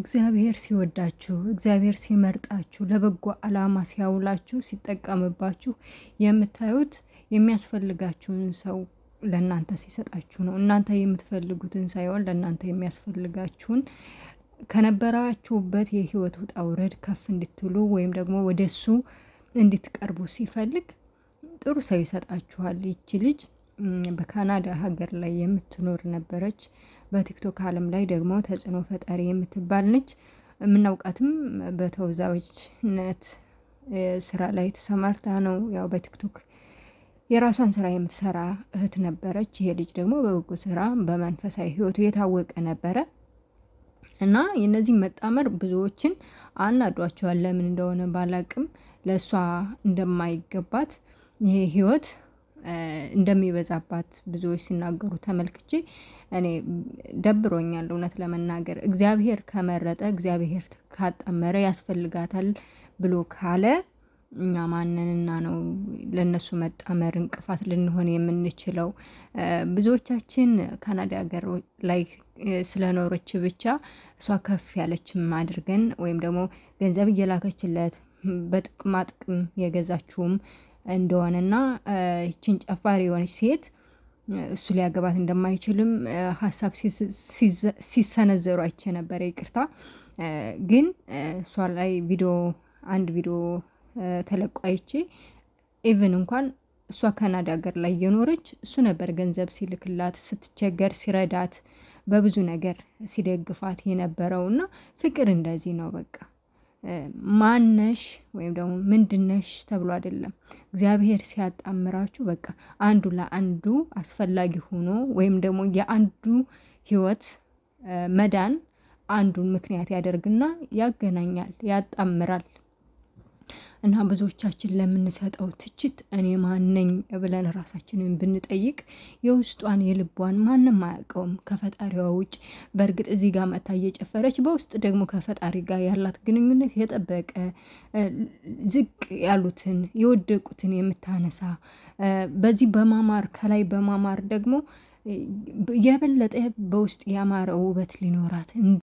እግዚአብሔር ሲወዳችሁ እግዚአብሔር ሲመርጣችሁ ለበጎ ዓላማ ሲያውላችሁ ሲጠቀምባችሁ የምታዩት የሚያስፈልጋችሁን ሰው ለእናንተ ሲሰጣችሁ ነው። እናንተ የምትፈልጉትን ሳይሆን ለእናንተ የሚያስፈልጋችሁን ከነበራችሁበት የህይወት ውጣ ውረድ ከፍ እንድትሉ ወይም ደግሞ ወደሱ እንድትቀርቡ ሲፈልግ ጥሩ ሰው ይሰጣችኋል። ይቺ ልጅ በካናዳ ሀገር ላይ የምትኖር ነበረች። በቲክቶክ አለም ላይ ደግሞ ተጽዕኖ ፈጣሪ የምትባል ነች። የምናውቃትም በተወዛዋዥነት ስራ ላይ ተሰማርታ ነው። ያው በቲክቶክ የራሷን ስራ የምትሰራ እህት ነበረች። ይሄ ልጅ ደግሞ በበጎ ስራ በመንፈሳዊ ህይወቱ የታወቀ ነበረ እና የነዚህ መጣመር ብዙዎችን አናዷቸዋል። ለምን እንደሆነ ባላቅም ለእሷ እንደማይገባት ይሄ ህይወት እንደሚበዛባት ብዙዎች ሲናገሩ ተመልክቼ እኔ ደብሮኛል። እውነት ለመናገር እግዚአብሔር ከመረጠ እግዚአብሔር ካጠመረ ያስፈልጋታል ብሎ ካለ እኛ ማንንና ነው ለእነሱ መጣመር እንቅፋት ልንሆን የምንችለው? ብዙዎቻችን ካናዳ ሀገር ላይ ስለኖረች ብቻ እሷ ከፍ ያለችም አድርገን ወይም ደግሞ ገንዘብ እየላከችለት በጥቅማ ጥቅም የገዛችውም እንደሆነና ይችን ጨፋሪ የሆነች ሴት እሱ ሊያገባት እንደማይችልም ሀሳብ ሲሰነዘሩ አይቼ ነበረ። ይቅርታ ግን እሷ ላይ ቪዲዮ አንድ ቪዲዮ ተለቆ አይቼ ኢቨን እንኳን እሷ ካናዳ ሀገር ላይ እየኖረች እሱ ነበር ገንዘብ ሲልክላት ስትቸገር ሲረዳት በብዙ ነገር ሲደግፋት የነበረውና ፍቅር እንደዚህ ነው በቃ። ማነሽ ወይም ደግሞ ምንድነሽ ተብሎ አይደለም። እግዚአብሔር ሲያጣምራችሁ በቃ አንዱ ለአንዱ አስፈላጊ ሆኖ ወይም ደግሞ የአንዱ ህይወት መዳን አንዱን ምክንያት ያደርግና ያገናኛል፣ ያጣምራል። እና ብዙዎቻችን ለምንሰጠው ትችት እኔ ማነኝ ብለን ራሳችንን ብንጠይቅ የውስጧን የልቧን ማንም አያውቀውም ከፈጣሪዋ ውጭ። በእርግጥ እዚህ ጋር መታ እየጨፈረች በውስጥ ደግሞ ከፈጣሪ ጋር ያላት ግንኙነት የጠበቀ ዝቅ ያሉትን የወደቁትን የምታነሳ በዚህ በማማር ከላይ በማማር ደግሞ የበለጠ በውስጥ ያማረ ውበት ሊኖራት